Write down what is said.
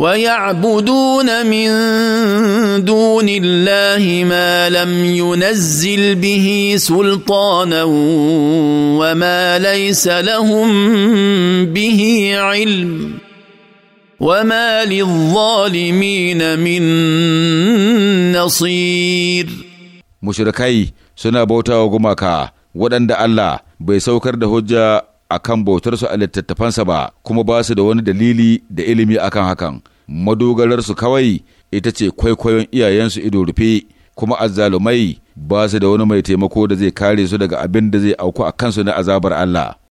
ويعبدون من دون الله ما لم ينزل به سلطانا وما ليس لهم به علم وما للظالمين من نصير مشركي سنة بوتا وغمكا ودند الله بيسوكر دهجا a akan bautarsu a littattafansa ba kuma ba su da wani dalili da ilimi akan hakan madogararsu kawai ita ce kwaikwayon iyayensu ido rufe kuma azzalumai ba su da wani mai taimako da zai kare su daga abin da zai auku a kansu na azabar Allah